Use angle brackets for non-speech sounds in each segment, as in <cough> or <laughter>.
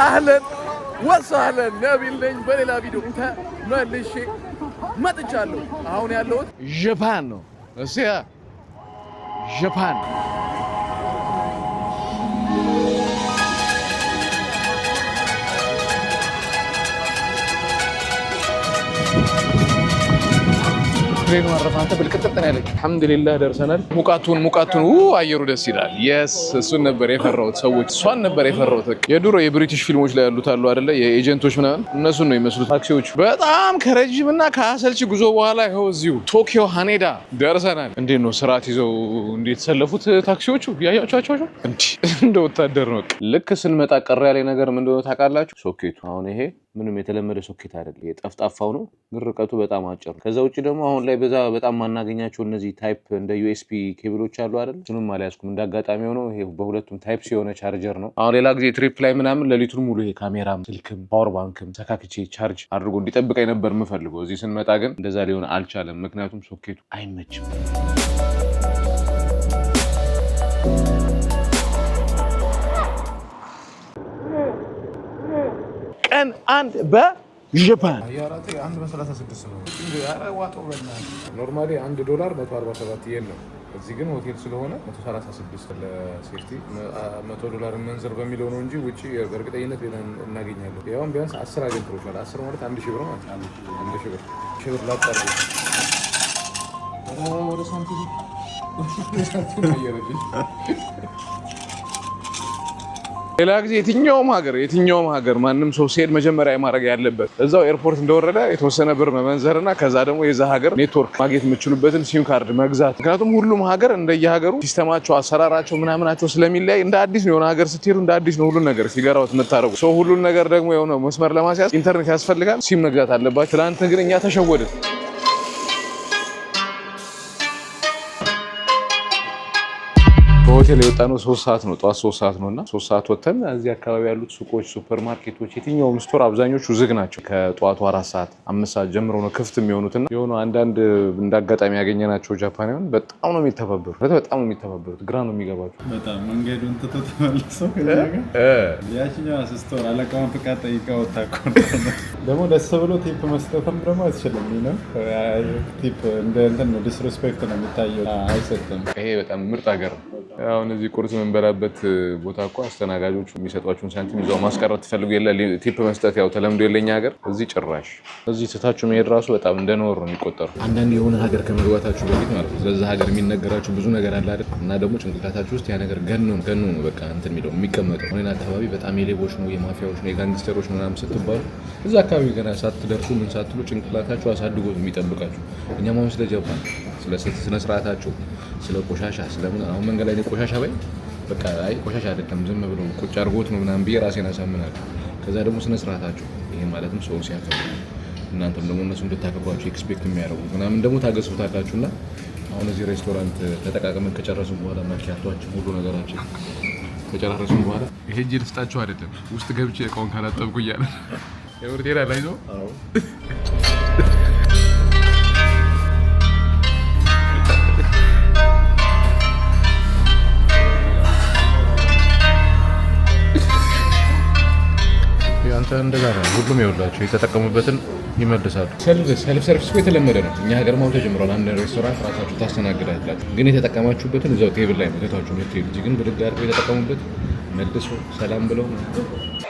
اهلا وسهلا نبي لين بلي لابيدو انت ما ليش ما تجعلو هون يالوت جابانو اسيا جابان ትሬኑ አረፈ። አንተ ብልቅጥጥ ነው ያለኝ። አልሐምዱሊላህ ደርሰናል። ሙቃቱን ሙቃቱን አየሩ ደስ ይላል። የስ እሱን ነበር የፈራሁት። ሰዎች እሷን ነበር የፈራሁት። የድሮ የብሪቲሽ ፊልሞች ላይ ያሉት አሉ አይደለ? የኤጀንቶች ምናምን እነሱን ነው የሚመስሉት ታክሲዎቹ። በጣም ከረጅም እና ጉዞ በኋላ ይኸው እዚሁ ቶኪዮ ሃኔዳ ደርሰናል። እንዴት ነው ስርዓት ይዘው እንደ የተሰለፉት ታክሲዎቹ ያያቸኋቸው <laughs> እንደ ወታደር ነው። ልክ ስንመጣ ቀረ ያለ ነገር ምን እንደሆነ ታውቃላችሁ? ሶኬቱ አሁን ይሄ ምንም የተለመደ ሶኬት አይደለም። የጠፍጣፋው ነው፣ ግን ርቀቱ በጣም አጭር ነው። ከዛ ውጭ ደግሞ አሁን ላይ በዛ በጣም ማናገኛቸው እነዚህ ታይፕ እንደ ዩኤስፒ ኬብሎች አሉ አይደል? እሱንም አልያዝኩም። እንደ አጋጣሚ ሆነው በሁለቱም ታይፕ ሲሆነ ቻርጀር ነው። አሁን ሌላ ጊዜ ትሪፕ ላይ ምናምን ሌሊቱን ሙሉ ይሄ ካሜራም ስልክም ፓወር ባንክም ተካክቼ ቻርጅ አድርጎ እንዲጠብቀኝ ነበር የምፈልገው። እዚህ ስንመጣ ግን እንደዛ ሊሆን አልቻለም፣ ምክንያቱም ሶኬቱ አይመችም። ቀን አንድ በጃፓን ኖርማሊ አንድ ዶላር 147 የን ነው። እዚህ ግን ሆቴል ስለሆነ 136 ለሴፍቲ 100 ዶላር መንዘር በሚለው ነው እንጂ ውጭ በእርግጠኝነት እናገኛለን። ያውም ቢያንስ 10 አገልግሎታል። 10 ማለት አንድ ሺህ ብር ማለት አንድ ሺህ ብር ሺህ ብር ወደ ሳንቲም ሌላ ጊዜ የትኛውም ሀገር የትኛውም ሀገር ማንም ሰው ሲሄድ መጀመሪያ ማድረግ ያለበት እዛው ኤርፖርት እንደወረደ የተወሰነ ብር መመንዘርና ከዛ ደግሞ የዛ ሀገር ኔትወርክ ማግኘት የምችሉበትን ሲም ካርድ መግዛት። ምክንያቱም ሁሉም ሀገር እንደየሀገሩ ሲስተማቸው፣ አሰራራቸው ምናምናቸው ስለሚለያይ እንደ አዲስ ነው። የሆነ ሀገር ስትሄዱ እንደ አዲስ ነው ሁሉን ነገር ሲገራውት የምታደርጉ ሰው ሁሉን ነገር ደግሞ የሆነ መስመር ለማስያዝ ኢንተርኔት ያስፈልጋል፣ ሲም መግዛት አለባቸው። ትናንት ግን እኛ ተሸወድን። ከሆቴል የወጣነው ሶስት ሰዓት ነው፣ ጠዋት ሶስት ሰዓት ነው እና ሶስት ሰዓት ወጥተን እዚህ አካባቢ ያሉት ሱቆች፣ ሱፐር ማርኬቶች፣ የትኛውም ስቶር አብዛኞቹ ዝግ ናቸው። ከጠዋቱ አራት ሰዓት አምስት ሰዓት ጀምሮ ነው ክፍት የሚሆኑትና የሆኑ አንዳንድ እንዳጋጣሚ ያገኘናቸው ጃፓናውያን በጣም ነው የሚተባበሩት፣ በጣም ነው የሚተባበሩት። ግራ ነው የሚገባቸው በጣም መንገዱን ትቶ ተመልሰው ያችኛዋ ስቶር አለቃውን ፍቃድ ጠይቃ ወጣ ደግሞ ደስ ብሎ ቲፕ መስጠትም ደግሞ አትችልም ነው። ቲፕ እንደ እንትን ዲስሪስፔክት ነው የሚታየው፣ አይሰጥም። ይሄ በጣም ምርጥ ሀገር ነው። አሁን እዚህ ቁርስ የምንበላበት ቦታ እኮ አስተናጋጆቹ የሚሰጧቸውን ሳንቲም ይዘው ማስቀረት ትፈልጉ የለ ቲፕ መስጠት ያው ተለምዶ የለኛ ሀገር እዚህ ጭራሽ እዚህ ስታችሁ መሄድ ራሱ በጣም እንደኖር ነው የሚቆጠሩ። አንዳንድ የሆነ ሀገር ከመግባታችሁ በፊት ማለት ነው ስለዛ ሀገር የሚነገራችሁ ብዙ ነገር አለ አይደል? እና ደግሞ ጭንቅላታችሁ ውስጥ ያ ነገር ገኖ ነው ገኖ ነው በቃ እንትን የሚለው የሚቀመጠው። ሆኔን አካባቢ በጣም የሌቦች ነው የማፊያዎች ነው የጋንግስተሮች ነው ምናምን ስትባሉ እዛ አካባቢ ገና ሳትደርሱ ምን ሳትሉ ጭንቅላታችሁ አሳድጎ የሚጠብቃችሁ እኛ አሁን ስለ ጀባ ስለ ስርዓታችሁ፣ ስለ ቆሻሻ ስለምን አሁን መንገድ ላይ ቆሻሻ ባይ በቃ አይ ቆሻሻ አይደለም ዝም ብሎ ቁጭ አድርጎት ነው ምናምን ብዬ ራሴን አሳምናለሁ። ከዛ ደግሞ ስነ ስርዓታችሁ ይሄ ማለትም ሰውን ሲያከብሩ እናንተም ደግሞ እነሱ እንድታከብሯቸው ኤክስፔክት የሚያደርጉ ምናምን ደግሞ ታገሱታላችሁ እና አሁን እዚህ ሬስቶራንት ተጠቃቅመን ከጨረሱ በኋላ መኪያቷችን ሁሉ ነገራችን ከጨረሱም በኋላ ይሄ እጅ ልስጣችሁ አይደለም ውስጥ ገብቼ እቃውን ካላጠብኩ እያለ የወርዴራ ላይ ነው እንደዛ ነው። ሁሉም ይወላቸው የተጠቀሙበትን ይመልሳሉ። ሰልፍ ሰርቪስ የተለመደ ነው። እኛ ሀገር ማው ተጀምሯል። አንድ ሬስቶራንት ራሳችሁ ታስተናግዳላችሁ፣ ግን የተጠቀማችሁበትን እዛው ቴብል ላይ መተታችሁ ነው። ቴብል ግን ብድግ አድርገው የተጠቀሙበት መልሶ ሰላም ብለው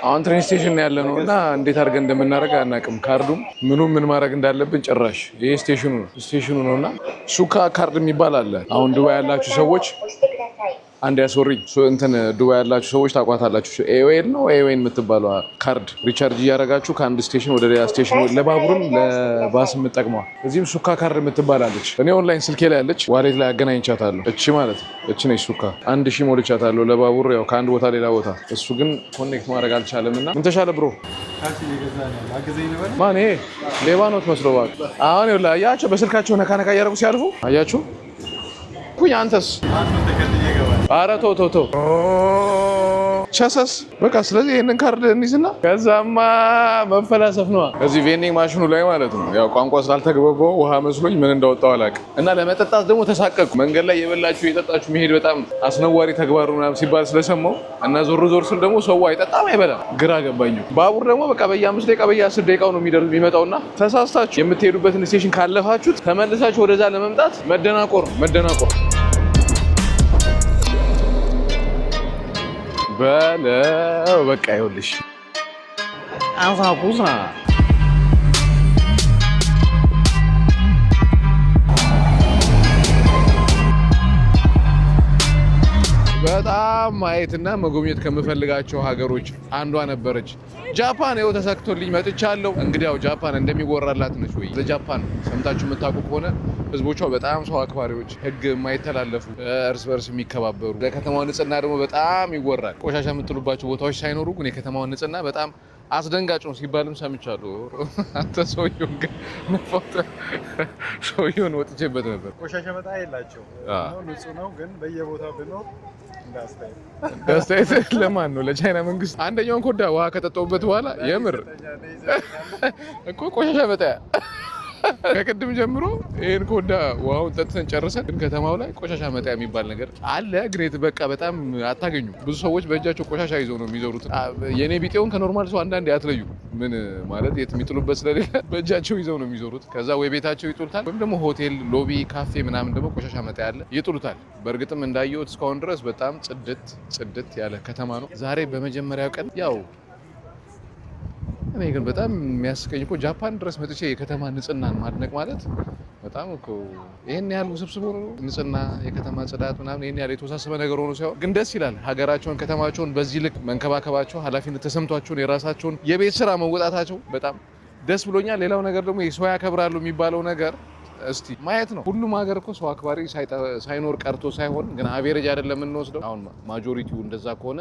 አሁን ትሬን ስቴሽን ያለ ነው እና እንዴት አድርገን እንደምናደርግ አናውቅም። ካርዱም ምኑም ምን ማድረግ እንዳለብን ጭራሽ ይሄ ስቴሽኑ ነው ስቴሽኑ ነው እና ሱካ ካርድ የሚባል አለ። አሁን ዱባይ ያላችሁ ሰዎች አንድ ያሶሪ እንትን ዱባይ ያላችሁ ሰዎች ታቋታላችሁ። ኤኦኤል ነው ኤኦኤል የምትባለ ካርድ ሪቻርጅ እያደረጋችሁ ከአንድ ስቴሽን ወደ ሌላ ስቴሽን ለባቡርም ለባስ የምጠቅመዋ እዚህም ሱካ ካርድ የምትባላለች እኔ ኦንላይን ስልኬ ላይ ያለች ዋሌት ላይ አገናኝቻታለሁ። እቺ ማለት እቺ ነች ሱካ። አንድ ሺ ሞልቻታለሁ ለባቡር ያው ከአንድ ቦታ ሌላ ቦታ። እሱ ግን ኮኔክት ማድረግ አልቻለም እና ምን ተሻለ ብሮ ማን ሌባ ነው ትመስለው። አሁን ላ አያቸው በስልካቸው ነካነካ እያደረጉ ሲያልፉ አያችሁ ካልኩኝ አንተስ ኧረ ተው ተው ተው ቸሰስ በቃ ስለዚህ ይህንን ካርድ እንይዝና ከዛማ መፈላሰፍ ነዋ። እዚህ ቬንዲንግ ማሽኑ ላይ ማለት ነው። ያው ቋንቋ ስላልተግባባሁ ውሃ መስሎኝ ምን እንዳወጣው አላውቅም። እና ለመጠጣት ደግሞ ተሳቀቁ። መንገድ ላይ የበላችሁ የጠጣችሁ መሄድ በጣም አስነዋሪ ተግባሩ ምናምን ሲባል ስለሰማው እና ዞር ዞር ስል ደግሞ ሰው አይጠጣም አይበላም፣ ግራ ገባኝ። ባቡር ደግሞ በቃ በየአምስት ደቂቃ በየአስር ደቂቃው ነው የሚመጣውና ተሳስታችሁ የምትሄዱበትን ስቴሽን ካለፋችሁት ተመልሳችሁ ወደዛ ለመምጣት መደናቆር መደናቆር በለው በቃ ይኸውልሽ አዛቡዛ በጣም ማየትና መጎብኘት ከምፈልጋቸው ሀገሮች አንዷ ነበረች። ጃፓን ይኸው ተሳክቶልኝ መጥቻለሁ። እንግዲያው ጃፓን እንደሚወራላት ነች ወይ? ለጃፓን ሰምታችሁ የምታውቁ ከሆነ ህዝቦቿ በጣም ሰው አክባሪዎች፣ ህግ የማይተላለፉ እርስ በርስ የሚከባበሩ፣ ለከተማዋ ንጽህና ደግሞ በጣም ይወራል። ቆሻሻ የምጥሉባቸው ቦታዎች ሳይኖሩ ግን የከተማዋ ንጽህና በጣም አስደንጋጭ ነው ሲባልም ሰምቻሉ። አንተ ሰውየውን ግን ሰውየውን ወጥቼበት ነበር። ቆሻሻ መጣ የላቸው ንጹህ ነው። ግን በየቦታ ብኖር አስተያየት <laughs> ለማን ነው? ለቻይና መንግስት። አንደኛውን ኮዳ ውሃ ከጠጣሁበት በኋላ የምር እኮ ቆሻሻ መጣያ ከቅድም ጀምሮ ይህን ኮዳ ውሃውን ጠጥተን ጨርሰን፣ ግን ከተማው ላይ ቆሻሻ መጣያ የሚባል ነገር አለ። ግን በቃ በጣም አታገኙ። ብዙ ሰዎች በእጃቸው ቆሻሻ ይዘው ነው የሚዞሩት። የኔ ቢጤውን ከኖርማል ሰው አንዳንዴ አትለዩ። ምን ማለት የት የሚጥሉበት ስለሌለ <laughs> በእጃቸው ይዘው ነው የሚዞሩት። ከዛ ወይ ቤታቸው ይጥሉታል፣ ወይም ደግሞ ሆቴል ሎቢ፣ ካፌ ምናምን ደግሞ ቆሻሻ መጣያ አለ ይጥሉታል። በእርግጥም እንዳየሁት እስካሁን ድረስ በጣም ጽድት ጽድት ያለ ከተማ ነው። ዛሬ በመጀመሪያው ቀን ያው እኔ ግን በጣም የሚያስቀኝ እኮ ጃፓን ድረስ መጥቼ የከተማ ንጽህናን ማድነቅ ማለት በጣም እኮ ይህን ያህል ውስብስብ ሆኖ ንጽህና፣ የከተማ ጽዳት ምናምን ይህን ያህል የተወሳሰበ ነገር ሆኖ ሳይሆን ግን ደስ ይላል። ሀገራቸውን፣ ከተማቸውን በዚህ ልክ መንከባከባቸው፣ ኃላፊነት ተሰምቷቸውን የራሳቸውን የቤት ስራ መወጣታቸው በጣም ደስ ብሎኛል። ሌላው ነገር ደግሞ የሰው ያከብራሉ የሚባለው ነገር እስቲ ማየት ነው። ሁሉም ሀገር እኮ ሰው አክባሪ ሳይኖር ቀርቶ ሳይሆን ግን አቬሬጅ አይደለም የምንወስደው። አሁን ማጆሪቲው እንደዛ ከሆነ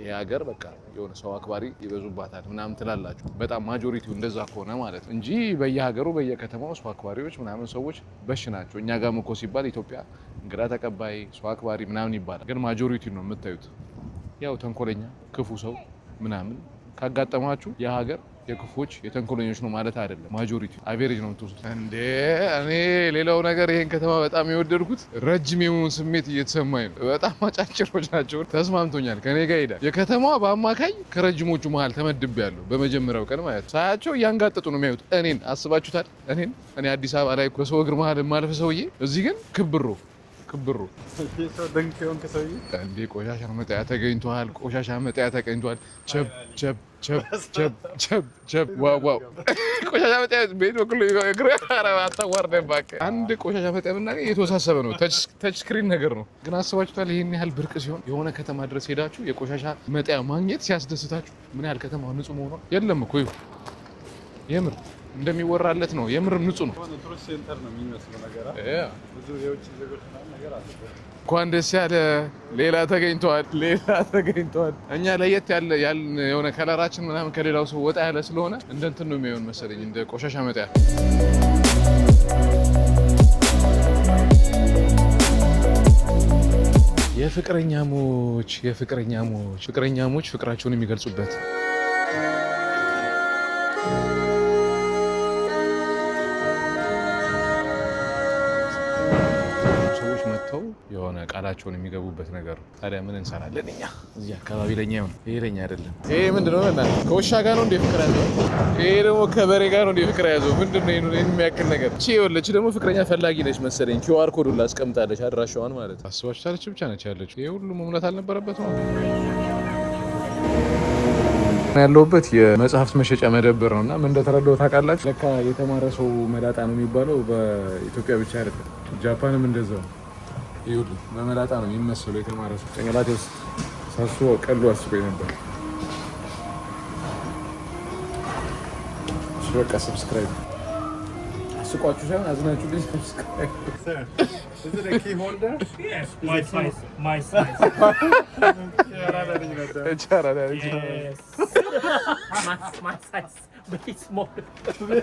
ይሄ ሀገር በቃ የሆነ ሰው አክባሪ ይበዙባታል ምናምን ትላላችሁ። በጣም ማጆሪቲው እንደዛ ከሆነ ማለት ነው እንጂ በየሀገሩ በየከተማው ሰው አክባሪዎች ምናምን ሰዎች በሽ ናቸው። እኛ ጋርም እኮ ሲባል ኢትዮጵያ እንግዳ ተቀባይ ሰው አክባሪ ምናምን ይባላል። ግን ማጆሪቲው ነው የምታዩት፣ ያው ተንኮለኛ ክፉ ሰው ምናምን ካጋጠማችሁ የሀገር የክፎች የተንኮለኞች ነው ማለት አይደለም። ማጆሪቲ አቬሬጅ ነው የምትወስዱት። እንዴ እኔ ሌላው ነገር ይሄን ከተማ በጣም የወደድኩት ረጅም የመሆን ስሜት እየተሰማኝ ነው። በጣም አጫጭሮች ናቸው፣ ተስማምቶኛል፣ ከኔ ጋር ሄዳል። የከተማዋ በአማካኝ ከረጅሞቹ መሀል ተመድብ ያለው በመጀመሪያው ቀን ማለት ሳያቸው እያንጋጠጡ ነው የሚያዩት። እኔን አስባችሁታል? እኔን እኔ አዲስ አበባ ላይ በሰው እግር መሀል የማልፍ ሰውዬ፣ እዚህ ግን ክብሮ ክብሩ እንዴ ቆሻሻ መጣያ ተገኝቷል፣ ቆሻሻ መጣያ ተገኝቷል። ቸብ ቸብ ቆሻሻ አንድ ቆሻሻ መጣያ ብናገኝ የተወሳሰበ ነው። ተች ስክሪን ነገር ነው። ግን አስባችሁታል? ይህን ያህል ብርቅ ሲሆን የሆነ ከተማ ድረስ ሄዳችሁ የቆሻሻ መጣያ ማግኘት ሲያስደስታችሁ ምን ያህል ከተማ ንጹህ መሆኗ የለም እኮ የምር እንደሚወራለት ነው። የምር ንጹህ ነው። እንኳን ደስ ያለ። ሌላ ተገኝተዋል፣ ሌላ ተገኝተዋል። እኛ ለየት ያለ ያልን የሆነ ከለራችን ምናምን ከሌላው ሰው ወጣ ያለ ስለሆነ እንደ እንትን ነው የሚሆን መሰለኝ፣ እንደ ቆሻሻ መጣያ። የፍቅረኛሞች የፍቅረኛሞች ፍቅረኛሞች ፍቅራቸውን የሚገልጹበት ቃላቸውን የሚገቡበት ነገር ነው። ታዲያ ምን እንሰራለን እኛ እዚህ አካባቢ? ለኛ ይሆን ይሄ ለኛ አይደለም። ይሄ ምንድን ነው? ና ከውሻ ጋር ነው እንደ ፍቅር ያዘው። ይሄ ደግሞ ከበሬ ጋር ነው እንደ ፍቅር ያዘው። ምንድን ነው የሚያክል ነገር? ቺ ወለች ደግሞ ፍቅረኛ ፈላጊ ነች መሰለኝ። ኪዋር ኮድ ሁላ አስቀምጣለች፣ አድራሻዋን ማለት ነው። አስባችታለች ብቻ ነች ያለች። ይሄ ሁሉ መሙላት አልነበረበት ነው ያለውበት የመጽሐፍት መሸጫ መደብር ነው እና ምን እንደተረዳው ታውቃላችሁ? ለካ የተማረ ሰው መዳጣ ነው የሚባለው በኢትዮጵያ ብቻ አይደለም፣ ጃፓንም እንደዛው ይኸውልህ በመላጣ ነው የሚመሰለው የተማረ ሰው ጭንቅላቴ ውስጥ ሳስቦ ቀሉ አስቦኝ ነበር። በቃ ሰብስክራይብ አስቋችሁ ሳይሆን አዝናችሁ ልጅ ሰብስክራይብ ቻራ ቶኪዮ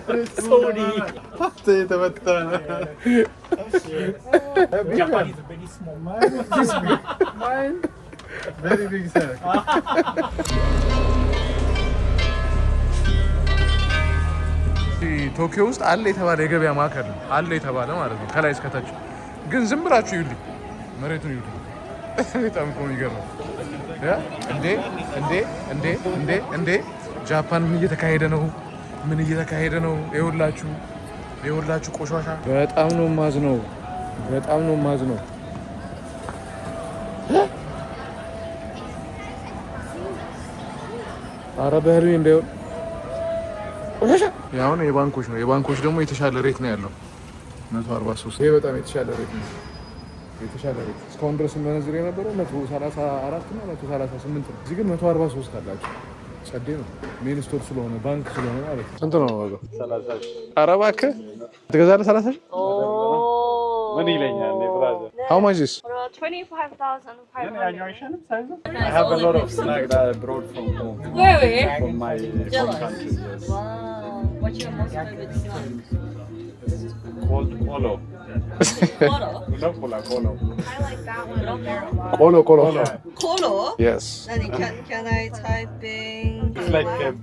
ውስጥ አለ የተባለ የገበያ ማዕከል ነው። አለ የተባለ ማለት ነው። ከላይ እስከታች ግን ዝም ብላችሁ ይሉኝ መሬቱን ይሉኝ። በጣም እኮ የሚገርመው እንዴ እንዴ እንዴ እንዴ እንዴ ጃፓን ምን እየተካሄደ ነው? ምን እየተካሄደ ነው? ይኸውላችሁ ይኸውላችሁ ቆሻሻ በጣም ነው ማዝ ነው። በጣም ነው ማዝ ነው። አረ በህልሜ እንዳይሆን ቆሻሻ። ያሁን የባንኮች ነው። የባንኮች ደግሞ የተሻለ ሬት ነው ያለው 143 ይሄ በጣም የተሻለ ሬት ነው። የተሻለ ሬት እስካሁን ድረስ መነዝር የነበረው 134 እና 138 ነው። እዚህ ግን 143 አላቸው። ሜን ስቶፕ ስለሆነ ባንክ ስለሆነ ማለት ነው። ስንት ነው ዋጋው? ኧረ እባክህ ትገዛለህ። ሰላሳ ሺህ ምን ይለኛል? How much is? 25,500. I have a lot of snacks that I brought from home. Really? From my home country. Wow. What's your most favorite snack? called Polo. Koro? <laughs> Not Polo, Polo. I like that one up there a Polo. Yes. can, can I type in? It's like a,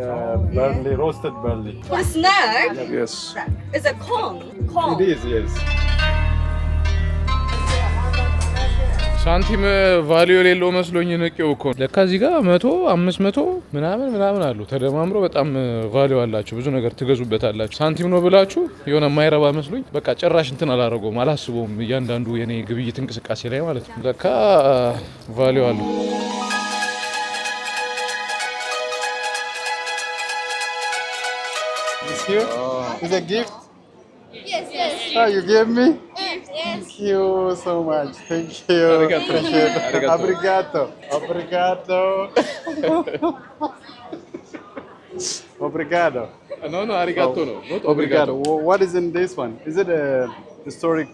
uh, barley, roasted barley. For snack? Yes. It's a corn. Corn. It is, yes. ሳንቲም ቫሊዮ የሌለው መስሎኝ ንቄው እኮ ነው። ለካ እዚህ ጋር መቶ አምስት መቶ ምናምን ምናምን አሉ ተደማምሮ በጣም ቫሊዮ አላቸው። ብዙ ነገር ትገዙበታላችሁ። ሳንቲም ነው ብላችሁ የሆነ የማይረባ መስሎኝ በቃ ጭራሽ እንትን አላረገውም አላስበውም። እያንዳንዱ የኔ ግብይት እንቅስቃሴ ላይ ማለት ነው። ለካ ቫሊዮ አለው። Is a gift? Yes, yes. Oh, you gave me? Thank you so much. Thank you. Arigato. Thank you. Arigato. Obrigado. Obrigado. Ah, no, no, arigato. no. Not obrigado. obrigado. What is in this one? Is it a historic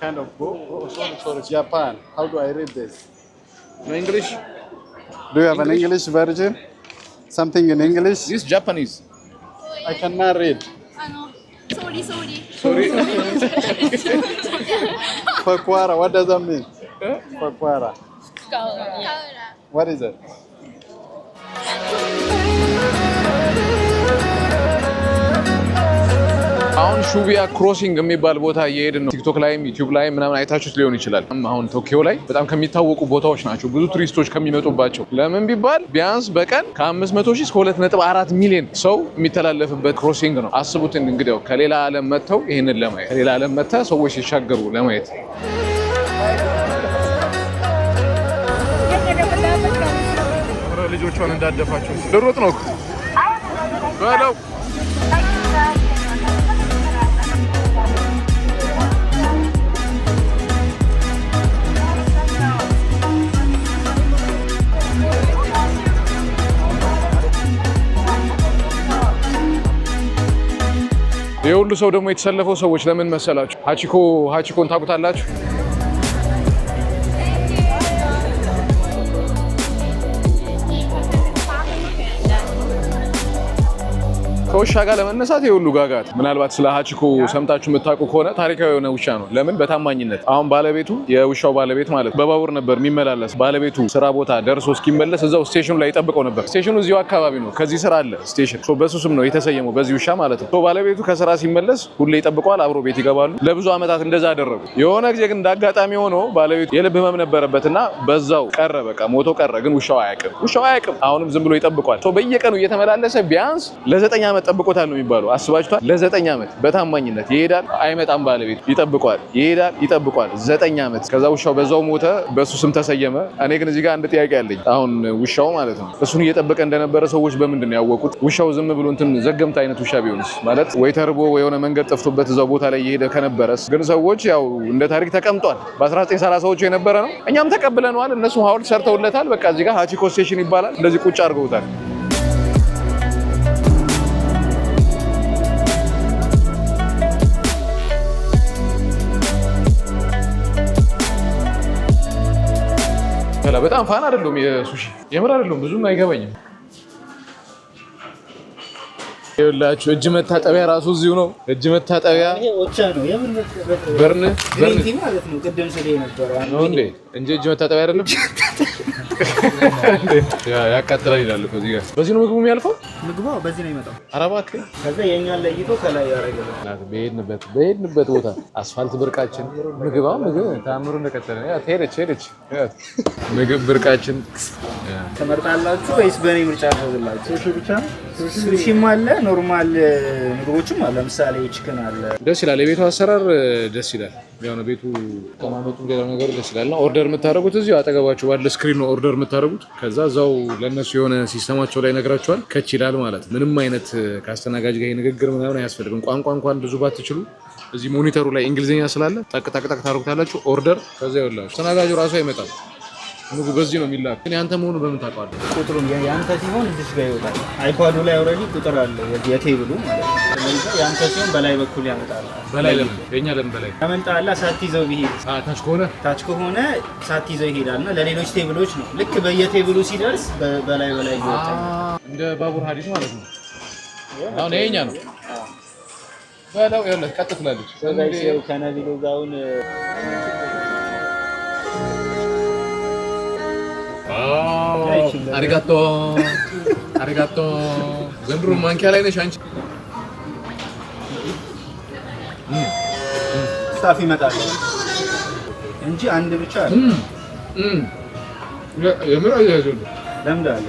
kind of book? Oh, sorry, sorry. Japan. How do I read this? No English. Do you have an English version? Something in English? This Japanese. I cannot read. Ah, sorry. Sorry. <laughs> <laughs> Fakwara, what does that mean? Fakwara. What is it? አሁን ሹቢያ ክሮሲንግ የሚባል ቦታ እየሄድን ነው። ቲክቶክ ላይም ዩቲዩብ ላይ ምናምን አይታችሁት ሊሆን ይችላል። አሁን ቶኪዮ ላይ በጣም ከሚታወቁ ቦታዎች ናቸው፣ ብዙ ቱሪስቶች ከሚመጡባቸው። ለምን ቢባል ቢያንስ በቀን ከ500 ሺህ እስከ 2.4 ሚሊዮን ሰው የሚተላለፍበት ክሮሲንግ ነው። አስቡት እንግዲያው ከሌላ ዓለም መጥተው ይህንን ለማየት ከሌላ ዓለም መጥተህ ሰዎች ሲሻገሩ ለማየት ልጆቿን እንዳደፋቸው ልሮጥ ነው በለው የሁሉ ሰው ደግሞ የተሰለፈው ሰዎች ለምን መሰላችሁ? ሀቺኮ ሀቺኮን ታውቁታላችሁ? ከውሻ ጋር ለመነሳት የሁሉ ጋጋት። ምናልባት ስለ ሀችኮ ሰምታችሁ የምታውቁ ከሆነ ታሪካዊ የሆነ ውሻ ነው። ለምን በታማኝነት አሁን ባለቤቱ የውሻው ባለቤት ማለት በባቡር ነበር የሚመላለስ። ባለቤቱ ስራ ቦታ ደርሶ እስኪመለስ እዛው ስቴሽኑ ላይ ይጠብቀው ነበር። ስቴሽኑ እዚሁ አካባቢ ነው። ከዚህ ስራ አለ ስቴሽን። በሱ ስም ነው የተሰየመው በዚህ ውሻ ማለት ነው። ባለቤቱ ከስራ ሲመለስ ሁሌ ይጠብቀዋል። አብሮ ቤት ይገባሉ። ለብዙ ዓመታት እንደዛ አደረጉ። የሆነ ጊዜ ግን እንዳጋጣሚ ሆኖ ባለቤቱ የልብ ህመም ነበረበትና በዛው ቀረ። በቃ ሞቶ ቀረ። ግን ውሻው አያውቅም። ውሻው አያውቅም። አሁንም ዝም ብሎ ይጠብቋል። በየቀኑ እየተመላለሰ ቢያንስ ለዘጠኝ ዓመት ይጠብቆታል ነው የሚባለው። አስባችቷል። ለዘጠኝ ዓመት በታማኝነት ይሄዳል፣ አይመጣም። ባለቤት ይጠብቋል፣ ይሄዳል፣ ይጠብቋል። ዘጠኝ ዓመት። ከዛ ውሻው በዛው ሞተ፣ በእሱ ስም ተሰየመ። እኔ ግን እዚህ ጋር አንድ ጥያቄ አለኝ። አሁን ውሻው ማለት ነው እሱን እየጠበቀ እንደነበረ ሰዎች በምንድን ነው ያወቁት? ውሻው ዝም ብሎ እንትን ዘገምት አይነት ውሻ ቢሆንስ ማለት ወይ ተርቦ ወይ የሆነ መንገድ ጠፍቶበት እዛው ቦታ ላይ እየሄደ ከነበረስ? ግን ሰዎች ያው እንደ ታሪክ ተቀምጧል። በ1930ዎቹ የነበረ ነው። እኛም ተቀብለነዋል። እነሱ ሀውልት ሰርተውለታል። በቃ እዚህ ጋር ሃቺኮ ስቴሽን ይባላል። እንደዚህ ቁጭ አድርገውታል። በጣም ፋን አይደለሁም የሱሺ የምር አይደለሁም፣ ብዙም አይገባኝም። ይኸውላችሁ እጅ መታጠቢያ ራሱ እዚሁ ነው። እጅ መታጠቢያ በርን በርን እንጂ እጅ መታጠቢያ አይደለም። ያቃጥላል ይላሉ። ከዚህ ጋር በዚህ ነው ምግቡ የሚያልፈው። ምግቡ በዚህ ነው የሚመጣው። ለይቶ ከላይ በሄድንበት በሄድንበት ቦታ አስፋልት ብርቃችን ምግብ ምግብ ተአምሩ እንደቀጠለ ሄደች ሄደች ምግብ ብርቃችን ወይስ በእኔ ምርጫ ብቻ ሱሺም አለ ኖርማል ምግቦችም አለ። ለምሳሌ ችክን አለ። ደስ ይላል። የቤቱ አሰራር ደስ ይላል። የሆነ ቤቱ ተማመጡ ገለ ነገር ደስ ይላል። ኦርደር የምታደርጉት እዚሁ አጠገባቸው ባለ ስክሪን ነው ኦርደር የምታደርጉት። ከዛ እዛው ለእነሱ የሆነ ሲስተማቸው ላይ ነግራቸዋል። ከች ይላል ማለት ምንም አይነት ከአስተናጋጅ ጋር ንግግር ምናምን አያስፈልግም። ቋንቋ እንኳን ብዙ ባትችሉ እዚህ ሞኒተሩ ላይ እንግሊዝኛ ስላለ ጠቅጠቅጠቅ ታደርጉታላችሁ ኦርደር። ከዛ ይወላችሁ አስተናጋጁ ራሱ አይመጣም። ምግቡ በዚህ ነው እኔ አንተ መሆኑ በምን ታውቀዋለህ? ቁጥሩ የአንተ ሲሆን እዚህ ጋር ይወጣል። አይፓዱ ላይ ኦልሬዲ ቁጥር አለ የቴብሉ ማለት ነው። ያንተ ሲሆን በላይ በኩል ያመጣል። በላይ ለምን የኛ ለምን በላይ ያመጣላ? ሳትይዘው ቢሄድ ታች ከሆነ ታች ከሆነ ሳትይዘው ይሄዳልና ለሌሎች ቴብሎች ነው። ልክ በየቴብሉ ሲደርስ በላይ በላይ ይወጣል። እንደ ባቡር ሀዲስ ማለት ነው። አሁን የኛ ነው በለው ያለ ቀጥ ትላለች ከነቢሉ ጋውን አሪጋቶ አሪጋቶ። ዘንድሮ ማንኪያ ላይ ነሽ አንቺ። ስታፍ ይመጣል እንጂ አንድ ብቻ የምር አያይዞ ለምዳ አለ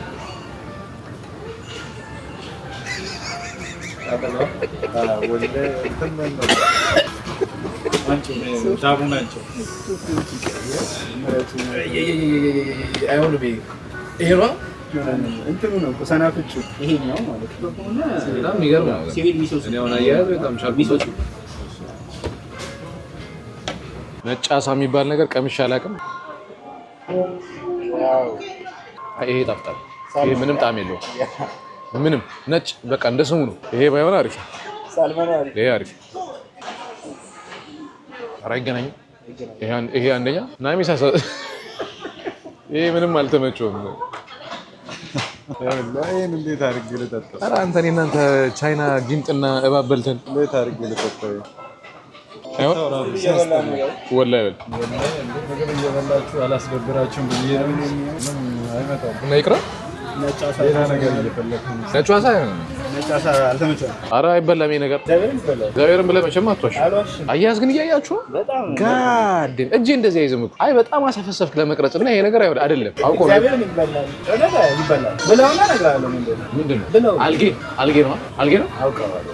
አይሆንም ነጭ አሳ የሚባል ነገር ቀምሼ አላውቅም። ይሄ ይጣፍጣል። ይሄ ምንም ጣዕም የለውም። ምንም ነጭ በቃ እንደ ስሙ ነው። ይሄ ባይሆን አሪፍ ነው። ይሄ አሪፍ ኧረ አይገናኝም። ይሄ አንደኛ ናሚሳ ይሄ ምንም አልተመቸውም። ይህን እንዴት አድርጌ ልጠጣው? ኧረ አንተ እኔ እናንተ ቻይና ጊንጥና እባብ በልተን እንዴት አድርጌ ልጠጣው? ወላሂ በል ምግብ እየበላችሁ አላስደብራችሁም ብዬ ነው። ይቅር ነጭ አሳ አረ አይበላም ነገር እግዚአብሔርን ብለህ መቼም አትዋሽ። አያያዝ ግን እያያችሁ ጋድን እጄ እንደዚህ አይዝም አይ በጣም አሰፈሰፍክ ለመቅረጽ እና ይሄ ነገር አይደለም። አውቆ ነው አልጌ ነው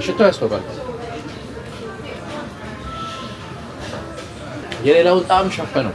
ነው የሌላውን ጣም ሸፈነው።